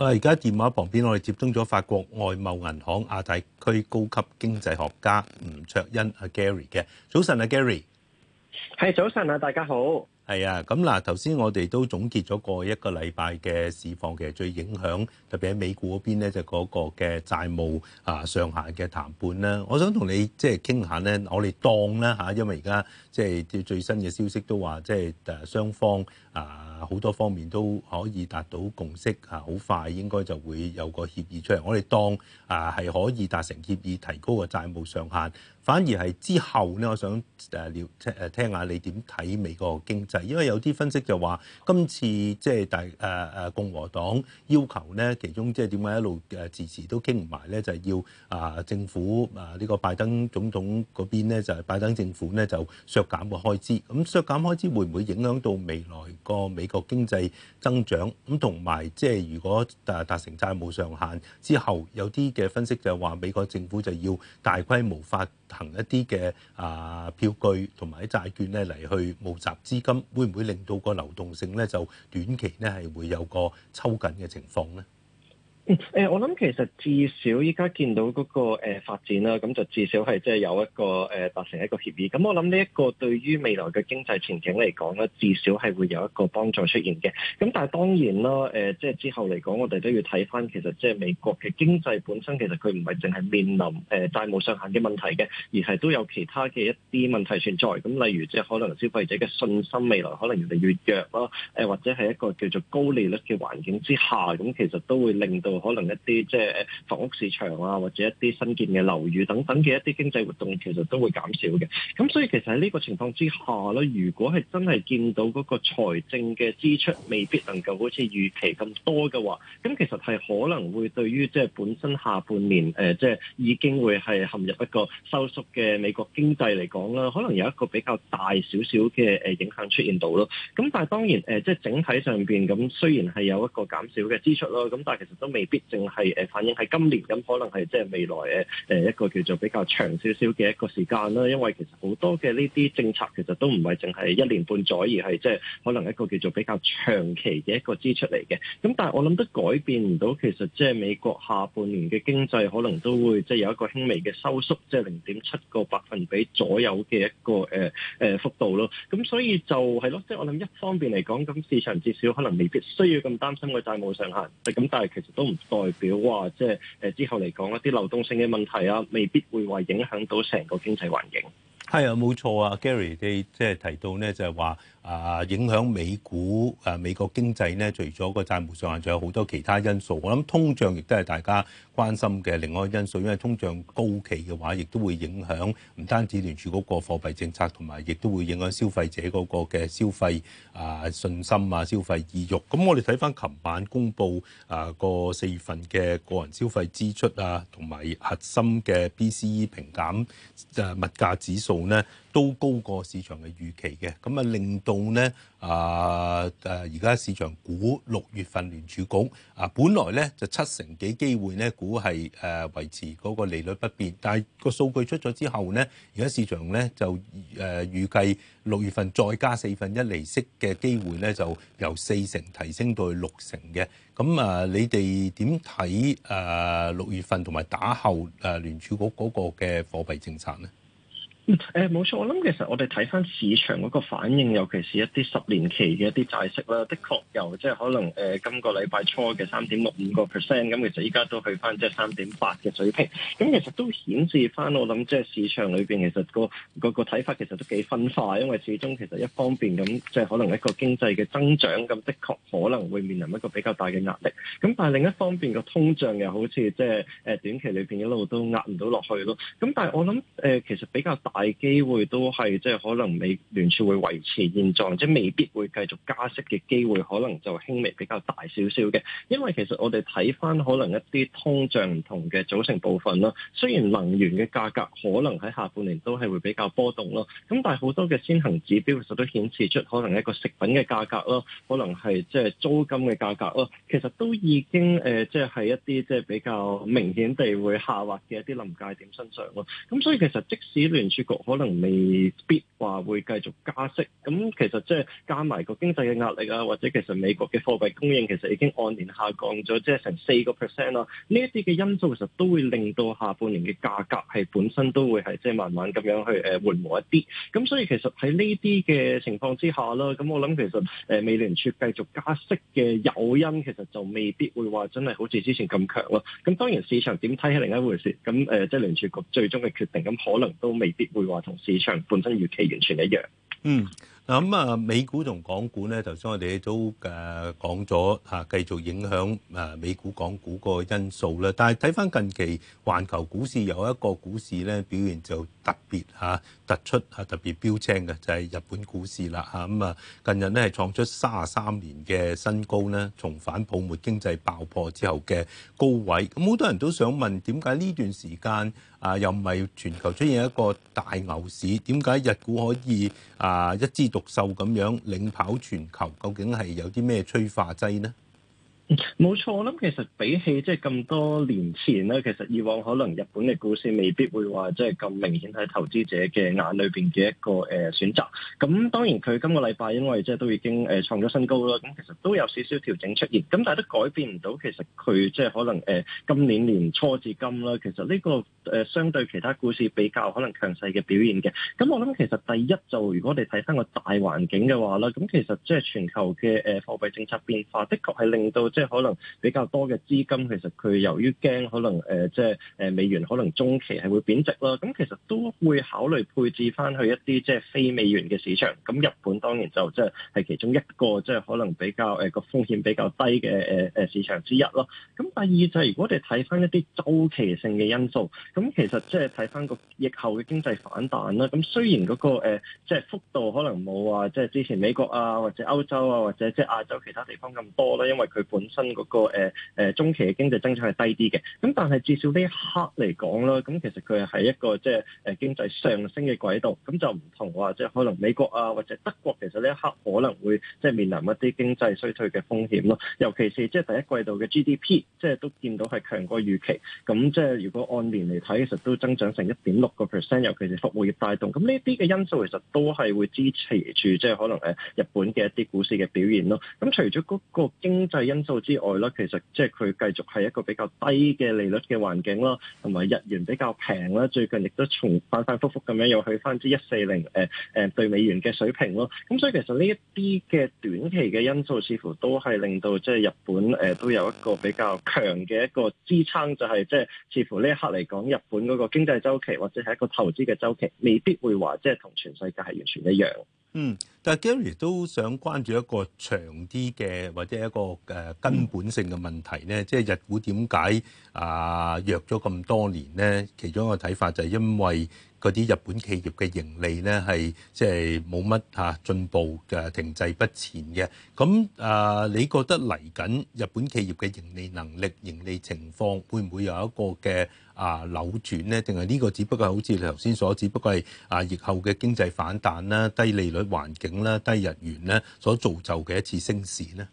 啊！而家電話旁邊，我哋接通咗法國外貿銀行亞太區高級經濟學家吳卓殷阿 Gary 嘅。早晨啊，Gary。係，早晨啊，大家好。係啊，咁嗱，頭先我哋都總結咗個一個禮拜嘅市況，其實最影響特別喺美股嗰邊咧，就嗰、是、個嘅債務啊上限嘅談判啦。我想同你即係傾下咧，我哋當啦嚇，因為而家即係最新嘅消息都話，即係雙方啊好多方面都可以達到共識啊，好快應該就會有個協議出嚟。我哋當啊係可以達成協議提高個債務上限，反而係之後咧，我想聊誒聽下你點睇美國經濟。因為有啲分析就話，今次即係大誒誒共和黨要求咧，其中即係點解一路誒遲遲都傾唔埋咧，就係、是、要啊政府啊呢、這個拜登總統嗰邊咧，就係、是、拜登政府咧就削減個開支。咁、啊、削減開支會唔會影響到未來個美國經濟增長？咁同埋即係如果達達成債務上限之後，有啲嘅分析就係話美國政府就要大規模發行一啲嘅啊票據同埋啲債券咧嚟去募集資金。會唔會令到個流動性咧，就短期咧係會有個抽緊嘅情況咧？誒、嗯，我諗其實至少依家見到嗰個誒發展啦，咁就至少係即係有一個誒達成一個協議。咁我諗呢一個對於未來嘅經濟前景嚟講咧，至少係會有一個幫助出現嘅。咁但係當然啦，誒即係之後嚟講，我哋都要睇返其實即係美國嘅經濟本身，其實佢唔係淨係面臨誒債務上限嘅問題嘅，而係都有其他嘅一啲問題存在。咁例如即係可能消費者嘅信心未來可能越嚟越弱咯，誒或者係一個叫做高利率嘅環境之下，咁其實都會令到。可能一啲即係房屋市場啊，或者一啲新建嘅樓宇等等嘅一啲經濟活動其實都會減少嘅。咁所以其實喺呢個情況之下咧，如果係真係見到嗰個財政嘅支出未必能夠好似預期咁多嘅話，咁其實係可能會對於即係本身下半年誒，即係已經會係陷入一個收縮嘅美國經濟嚟講啦，可能有一個比較大少少嘅誒影響出現到咯。咁但係當然誒，即係整體上邊咁雖然係有一個減少嘅支出咯，咁但係其實都未。必淨係誒反映喺今年咁，可能係即係未來誒誒一個叫做比較長少少嘅一個時間啦。因為其實好多嘅呢啲政策其實都唔係淨係一年半載，而係即係可能一個叫做比較長期嘅一個支出嚟嘅。咁但係我諗都改變唔到，其實即係美國下半年嘅經濟可能都會即係有一個輕微嘅收縮，即係零點七個百分比左右嘅一個誒誒、呃呃、幅度咯。咁所以就係、是、咯，即係我諗一方面嚟講，咁市場至少可能未必需要咁擔心個債務上限。咁但係其實都。代表話，即係誒之後嚟講一啲流動性嘅問題啊，未必會話影響到成個經濟環境。係啊，冇錯啊，Gary，你即係提到咧，就係話。啊！影響美股、誒、啊、美國經濟呢，除咗個債務上限，仲有好多其他因素。我諗通脹亦都係大家關心嘅另外一個因素，因為通脹高企嘅話，亦都會影響唔單止聯儲嗰個貨幣政策，同埋亦都會影響消費者嗰個嘅消費啊，信心啊，消費意欲。咁我哋睇返琴晚公布啊個四月份嘅個人消費支出啊，同埋核心嘅 PCE 平減誒、啊、物價指數呢，都高過市場嘅預期嘅，咁啊令到咧啊誒而家市場估六月份聯儲局啊，本來咧就七成幾機會咧估係誒維持嗰個利率不變，但係個數據出咗之後咧，而家市場咧就誒預計六月份再加四分一利息嘅機會咧就由四成提升到去六成嘅。咁啊，你哋點睇誒六月份同埋打後誒聯儲局嗰個嘅貨幣政策咧？誒、嗯、冇、嗯、錯，我諗其實我哋睇翻市場嗰個反應，尤其是一啲十年期嘅一啲債息啦，的確有即係可能誒、呃、今個禮拜初嘅三點六五個 percent，咁其實依家都去翻即係三點八嘅水平，咁、嗯、其實都顯示翻我諗即係市場裏面其實個個個睇法其實都幾分化，因為始終其實一方面咁、嗯、即係可能一個經濟嘅增長咁、嗯，的確可能會面臨一個比較大嘅壓力。咁、嗯、但係另一方面個通脹又好似即係、呃、短期裏面一路都壓唔到落去咯。咁、嗯、但係我諗、呃、其實比較大。大機會都係即係可能美聯儲會維持現狀，即未必會繼續加息嘅機會，可能就輕微比較大少少嘅。因為其實我哋睇翻可能一啲通脹唔同嘅組成部分啦，雖然能源嘅價格可能喺下半年都係會比較波動咯，咁但係好多嘅先行指標，其實都顯示出可能一個食品嘅價格咯，可能係即係租金嘅價格咯，其實都已經誒，即係一啲即係比較明顯地會下滑嘅一啲臨界點身上咯。咁所以其實即使聯儲局可能未必話會繼續加息，咁其實即係加埋個經濟嘅壓力啊，或者其實美國嘅貨幣供應其實已經按年下降咗，即、就、係、是、成四個 percent 啦。呢一啲嘅因素其實都會令到下半年嘅價格係本身都會係即係慢慢咁樣去誒、呃、緩和一啲。咁所以其實喺呢啲嘅情況之下啦，咁我諗其實美聯儲繼續加息嘅誘因其實就未必會話真係好似之前咁強咯。咁當然市場點睇係另一回事。咁誒即係聯儲局最終嘅決定，咁可能都未必。會話同市場本身預期完全一樣。嗯。嗱咁啊，美股同港股咧，頭先我哋都誒講咗嚇，繼、啊、續影響誒美股港股個因素咧。但係睇返近期環球股市有一個股市咧表現就特別嚇、啊、突出嚇、啊、特別標青嘅，就係、是、日本股市啦嚇咁啊。近日呢，係創出卅三年嘅新高咧，重返泡沫經濟爆破之後嘅高位。咁、嗯、好多人都想問點解呢段時間啊又唔係全球出現一個大牛市，點解日股可以啊一枝獨獨秀咁樣領跑全球，究竟係有啲咩催化劑呢？冇錯，我諗其實比起即係咁多年前咧，其實以往可能日本嘅股市未必會話即係咁明顯喺投資者嘅眼裏邊嘅一個誒選擇。咁當然佢今個禮拜因為即係都已經誒創咗新高啦，咁其實都有少少調整出現。咁但係都改變唔到，其實佢即係可能誒今年年初至今啦，其實呢個誒相對其他股市比較可能強勢嘅表現嘅。咁我諗其實第一就如果你睇翻個大環境嘅話啦，咁其實即係全球嘅誒貨幣政策變化的確係令到即係可能比較多嘅資金，其實佢由於驚可能誒，即係誒美元可能中期係會貶值啦。咁其實都會考慮配置翻去一啲即係非美元嘅市場。咁日本當然就即係係其中一個即係可能比較誒個風險比較低嘅誒誒市場之一啦。咁第二就係、是、如果你睇翻一啲週期性嘅因素，咁其實即係睇翻個疫後嘅經濟反彈啦。咁雖然嗰個誒即係幅度可能冇話即係之前美國啊或者歐洲啊或者即係亞洲其他地方咁多啦，因為佢本身新嗰個誒誒中期嘅經濟增長係低啲嘅，咁但係至少呢一刻嚟講咧，咁其實佢係一個即係誒經濟上升嘅軌道，咁就唔同話即係可能美國啊或者德國其實呢一刻可能會即係面臨一啲經濟衰退嘅風險咯，尤其是即係第一季度嘅 GDP 即係都見到係強過預期，咁即係如果按年嚟睇，其實都增長成一點六個 percent，尤其是服務業帶動，咁呢啲嘅因素其實都係會支持住即係可能誒日本嘅一啲股市嘅表現咯。咁除咗嗰個經濟因素之外啦，其實即係佢繼續係一個比較低嘅利率嘅環境啦，同埋日元比較平啦。最近亦都從反反覆覆咁樣又去翻至一四零誒誒兌美元嘅水平咯。咁所以其實呢一啲嘅短期嘅因素，似乎都係令到即係日本誒都有一個比較強嘅一個支撐，就係即係似乎呢一刻嚟講，日本嗰個經濟週期或者係一個投資嘅周期，未必會話即係同全世界係完全一樣。嗯，但係 Gary 都想關注一個長啲嘅或者一個誒、呃、根本性嘅問題咧，即係日股點解啊弱咗咁多年咧？其中一個睇法就係因為嗰啲日本企業嘅盈利咧，係即係冇乜嚇進步嘅，停滯不前嘅。咁啊、呃，你覺得嚟緊日本企業嘅盈利能力、盈利情況會唔會有一個嘅？啊，扭轉咧定係呢個只不過好似你頭先所，只不過係啊疫後嘅經濟反彈啦、低利率環境啦、低日元咧所造就嘅一次升市咧。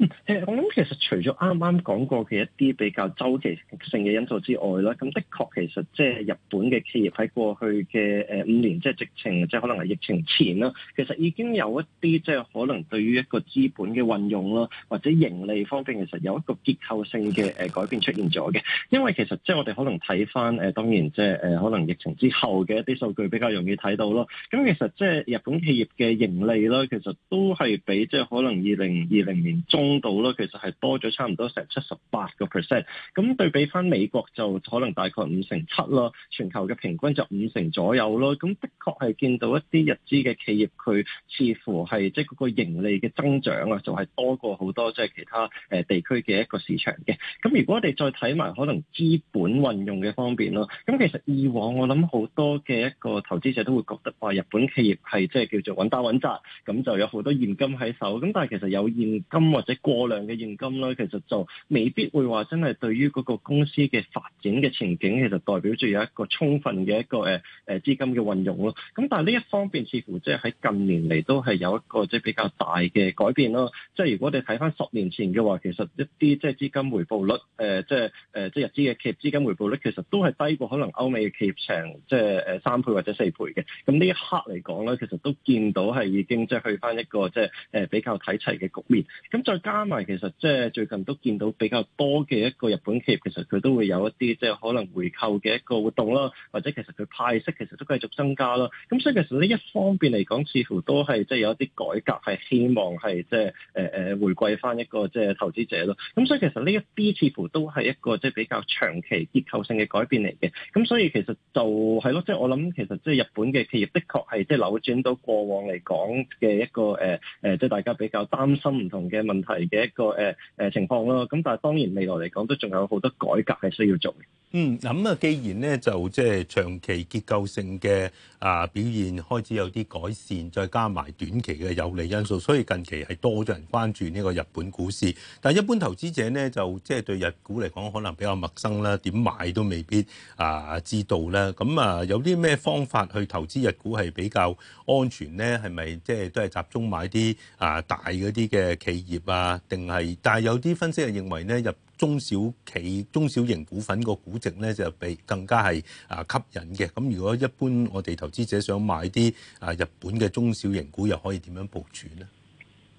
誒、嗯，我諗其實除咗啱啱講過嘅一啲比較周期性嘅因素之外咧，咁的確其實即係日本嘅企業喺過去嘅誒五年，即係、即係直情即係可能係疫情前啦，其實已經有一啲即係可能對於一個資本嘅運用啦，或者盈利方面其實有一個結構性嘅誒改變出現咗嘅。因為其實即係我哋可能睇翻誒，當然即係誒可能疫情之後嘅一啲數據比較容易睇到咯。咁其實即係日本企業嘅盈利咧，其實都係比即係可能二零二零年中。到咯，其實係多咗差唔多成七十八個 percent，咁對比翻美國就可能大概五成七咯，全球嘅平均就五成左右咯。咁的確係見到一啲日資嘅企業，佢似乎係即係嗰個盈利嘅增長啊，就係多過好多即係其他誒地區嘅一個市場嘅。咁如果我哋再睇埋可能資本運用嘅方面咯，咁其實以往我諗好多嘅一個投資者都會覺得話日本企業係即係叫做穩打穩紮，咁就有好多現金喺手。咁但係其實有現金或者過量嘅現金咧，其實就未必會話真係對於嗰個公司嘅發展嘅前景，其實代表住有一個充分嘅一個誒誒資金嘅運用咯。咁但係呢一方面，似乎即係喺近年嚟都係有一個即係比較大嘅改變咯。即係如果你睇翻十年前嘅話，其實一啲即係資金回報率，誒、呃、即係誒即係日資嘅企業資金回報率，其實都係低過可能歐美嘅企業成即係誒三倍或者四倍嘅。咁呢一刻嚟講咧，其實都見到係已經即係去翻一個即係誒比較睇齊嘅局面。咁再加埋其實即係最近都見到比較多嘅一個日本企業，其實佢都會有一啲即係可能回購嘅一個活動啦，或者其實佢派息其實都繼續增加啦。咁所以其實呢一方面嚟講，似乎都係即係有一啲改革，係希望係即係誒誒回饋翻一個即係投資者咯。咁所以其實呢一啲似乎都係一個即係比較長期結構性嘅改變嚟嘅。咁所以其實就係咯，即係我諗其實即係日本嘅企業，的確係即係扭轉到過往嚟講嘅一個誒誒，即係大家比較擔心唔同嘅問題。嘅一個誒誒情況咯，咁但係當然未來嚟講都仲有好多改革係需要做嘅。嗯，咁啊，既然咧就即係長期結構性嘅啊表現開始有啲改善，再加埋短期嘅有利因素，所以近期係多咗人關注呢個日本股市。但係一般投資者咧就即係對日股嚟講可能比較陌生啦，點買都未必啊知道啦。咁啊，有啲咩方法去投資日股係比較安全咧？係咪即係都係集中買啲啊大嗰啲嘅企業啊？啊，定係，但係有啲分析人認為咧，入中小企中小型股份個估值咧就比更加係啊吸引嘅。咁如果一般我哋投資者想買啲啊日本嘅中小型股，又可以點樣部署呢？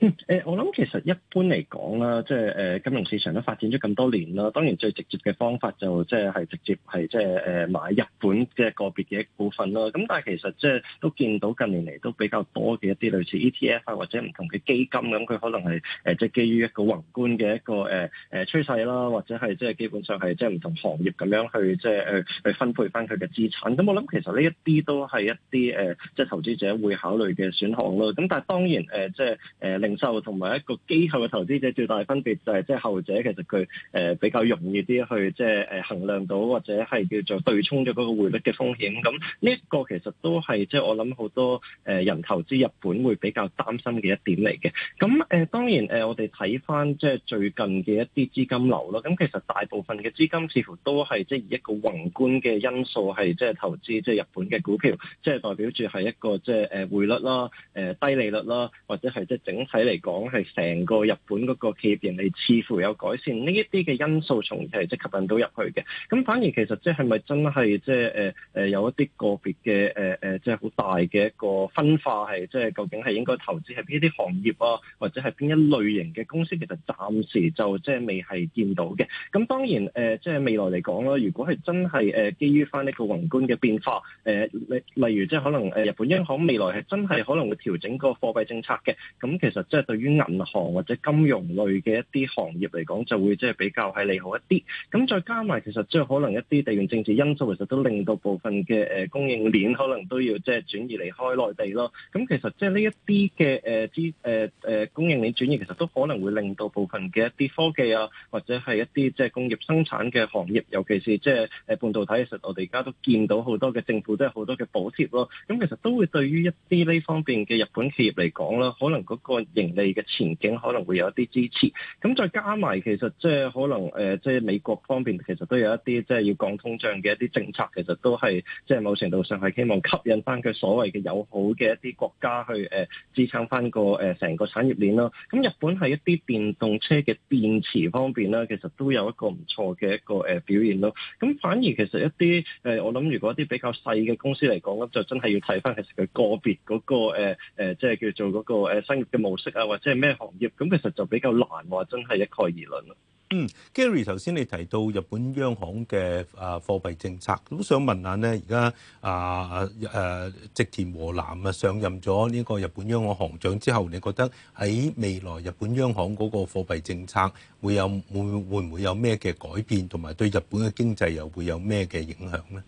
誒、嗯，我諗其實一般嚟講啦，即係誒金融市場都發展咗咁多年啦。當然最直接嘅方法就即係係直接係即係誒買日本嘅個別嘅股份啦。咁但係其實即係都見到近年嚟都比較多嘅一啲類似 ETF 啊，或者唔同嘅基金咁，佢可能係誒即係基於一個宏觀嘅一個誒誒趨勢啦，或者係即係基本上係即係唔同行業咁樣去即係誒誒分配翻佢嘅資產。咁我諗其實呢一啲都係一啲誒即係投資者會考慮嘅選項囉。咁但係當然誒即係誒另。呃零售同埋一個機構嘅投資者最大分別就係即係後者其實，佢誒比較容易啲去，即係誒衡量到或者係叫做對沖咗嗰個匯率嘅風險。咁呢一個其實都係即係我諗好多誒人投資日本會比較擔心嘅一點嚟嘅。咁誒當然誒我哋睇翻即係最近嘅一啲資金流咯。咁其實大部分嘅資金似乎都係即係以一個宏觀嘅因素係即係投資即係日本嘅股票，即係代表住係一個即係誒匯率啦、誒低利率啦，或者係即係整體。你嚟講係成個日本嗰個企業盈利似乎有改善，呢一啲嘅因素，從而係即吸引到入去嘅。咁反而其實即係咪真係即係誒誒有一啲個別嘅誒誒，即係好大嘅一個分化，係即係究竟係應該投資喺邊一啲行業啊，或者係邊一類型嘅公司？其實暫時就即係、就是、未係見到嘅。咁當然誒，即、呃、係、就是、未來嚟講啦，如果係真係誒基於翻呢個宏觀嘅變化，誒、呃、例例如即係可能誒日本央行未來係真係可能會調整嗰個貨幣政策嘅。咁其實即係對於銀行或者金融類嘅一啲行業嚟講，就會即係比較係利好一啲。咁再加埋，其實即係可能一啲地緣政治因素，其實都令到部分嘅誒供應鏈可能都要即係轉移離開內地咯。咁其實即係呢一啲嘅誒資誒誒供應鏈轉移，其實都可能會令到部分嘅一啲科技啊，或者係一啲即係工業生產嘅行業，尤其是即係誒半導體，其實我哋而家都見到好多嘅政府都有好多嘅補貼咯。咁其實都會對於一啲呢方面嘅日本企業嚟講啦，可能嗰個，盈利嘅前景可能會有一啲支持，咁再加埋其實即係可能即係、呃即係、美國方面其實都有一啲即係要降通脹嘅一啲政策，其實都係即係某程度上係希望吸引翻佢所謂嘅友好嘅一啲國家去、呃、支撐翻個成、呃、個產業鏈咯。咁日本係一啲電動車嘅電池方面啦，其實都有一個唔錯嘅一個表現咯。咁反而其實一啲、呃、我諗如果一啲比較細嘅公司嚟講就真係要睇翻其實佢個別嗰、嗰個即係、呃呃、叫做嗰個誒生意嘅模式。啊，或者係咩行業咁，其實就比較難話，真係一概而論啦。嗯，Gary，頭先你提到日本央行嘅啊貨幣政策，咁想問下呢。而家啊誒、啊、植田和男啊上任咗呢個日本央行行長之後，你覺得喺未來日本央行嗰個貨幣政策會有會會唔會有咩嘅改變，同埋對日本嘅經濟又會有咩嘅影響呢？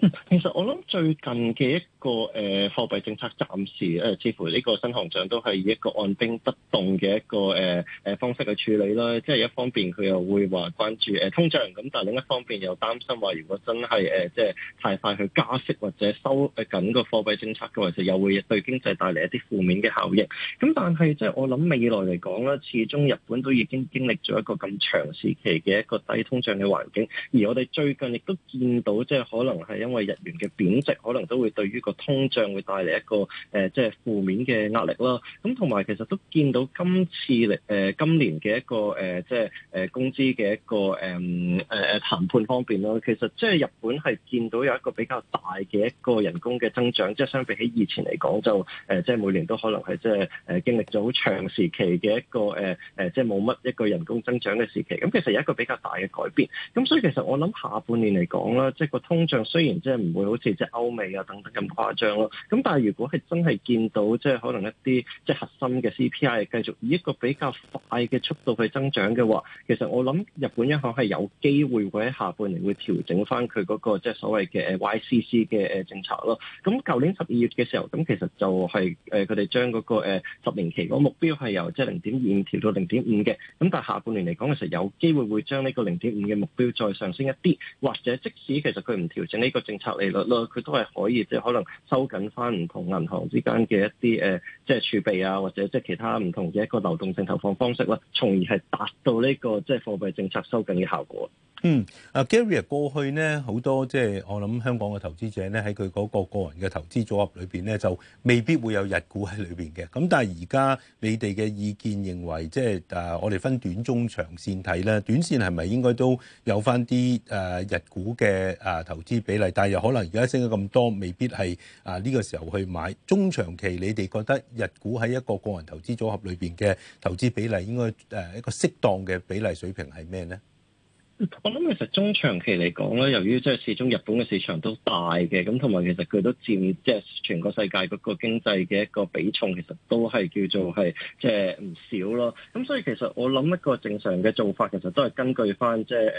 嗯、其實我諗最近嘅一個誒貨幣政策暫時誒、呃，似乎呢個新行長都係以一個按兵不動嘅一個誒誒、呃、方式去處理啦。即係一方面佢又會話關注誒、呃、通脹，咁但係另一方面又擔心話如果真係誒、呃、即係太快去加息或者收緊個貨幣政策嘅話，就又會對經濟帶嚟一啲負面嘅效益。咁但係即係我諗未來嚟講啦，始終日本都已經經歷咗一個咁長時期嘅一個低通脹嘅環境，而我哋最近亦都見到即係可能係。因為日元嘅貶值，可能都會對於個通脹會帶嚟一個誒，即係負面嘅壓力啦。咁同埋，其實都見到今次嚟誒，今年嘅一個誒，即係誒工資嘅一個誒誒談判方面囉。其實即係日本係見到有一個比較大嘅一個人工嘅增長，即係相比起以前嚟講，就誒即係每年都可能係即係誒經歷咗好長時期嘅一個誒誒，即係冇乜一個人工增長嘅時期。咁其實有一個比較大嘅改變。咁所以其實我諗下半年嚟講啦，即係個通脹雖然，即係唔會好似即係歐美啊等等咁誇張咯。咁但係如果係真係見到即係可能一啲即係核心嘅 CPI 繼續以一個比較快嘅速度去增長嘅話，其實我諗日本央行係有機會會喺下半年會調整翻佢嗰個即係所謂嘅 YCC 嘅政策咯。咁舊年十二月嘅時候，咁其實就係誒佢哋將嗰個十年期嗰個目標係由即係零點二五調到零點五嘅。咁但係下半年嚟講其實有機會會將呢個零點五嘅目標再上升一啲，或者即使其實佢唔調整呢個。政策利率咯，佢都係可以即係可能收緊翻唔同銀行之間嘅一啲誒、呃，即係儲備啊，或者即係其他唔同嘅一個流動性投放方式啦，從而係達到呢、這個即係貨幣政策收緊嘅效果。嗯，啊 Gary 啊，過去呢好多即係我諗香港嘅投資者呢喺佢嗰個個人嘅投資組合裏邊呢就未必會有日股喺裏邊嘅。咁但係而家你哋嘅意見認為即係啊，我哋分短中長線睇啦，短線係咪應該都有返啲誒日股嘅誒投資比例？但係又可能而家升咗咁多，未必係啊呢個時候去買。中長期你哋覺得日股喺一個個人投資組合裏邊嘅投資比例應該誒一個適當嘅比例水平係咩呢？我諗其實中長期嚟講咧，由於即係始終日本嘅市場都大嘅，咁同埋其實佢都佔即係、就是、全個世界嗰個經濟嘅一個比重，其實都係叫做係即係唔少咯。咁所以其實我諗一個正常嘅做法，其實都係根據翻即係誒誒，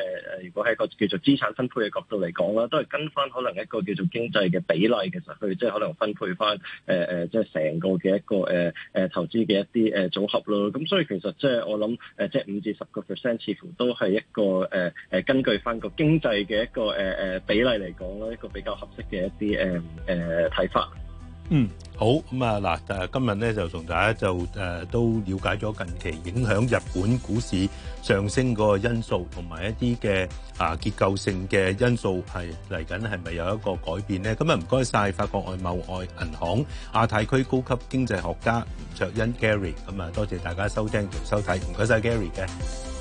如果喺一個叫做資產分配嘅角度嚟講啦，都係跟翻可能一個叫做經濟嘅比例，其實去即係可能分配翻誒誒，即係成個嘅一個誒誒、呃、投資嘅一啲誒組合咯。咁所以其實即係我諗誒，即係五至十個 percent，似乎都係一個誒。呃誒誒，根據翻個經濟嘅一個誒誒比例嚟講咧，一個比較合適嘅一啲誒誒睇法。嗯，好咁啊嗱，誒今日咧就同大家就誒都了解咗近期影響日本股市上升個因素，同埋一啲嘅啊結構性嘅因素係嚟緊係咪有一個改變咧？咁啊唔該晒法國外貿外銀行亞太區高級經濟學家吳卓殷 Gary，咁啊多謝大家收聽同收睇，唔該晒 Gary 嘅。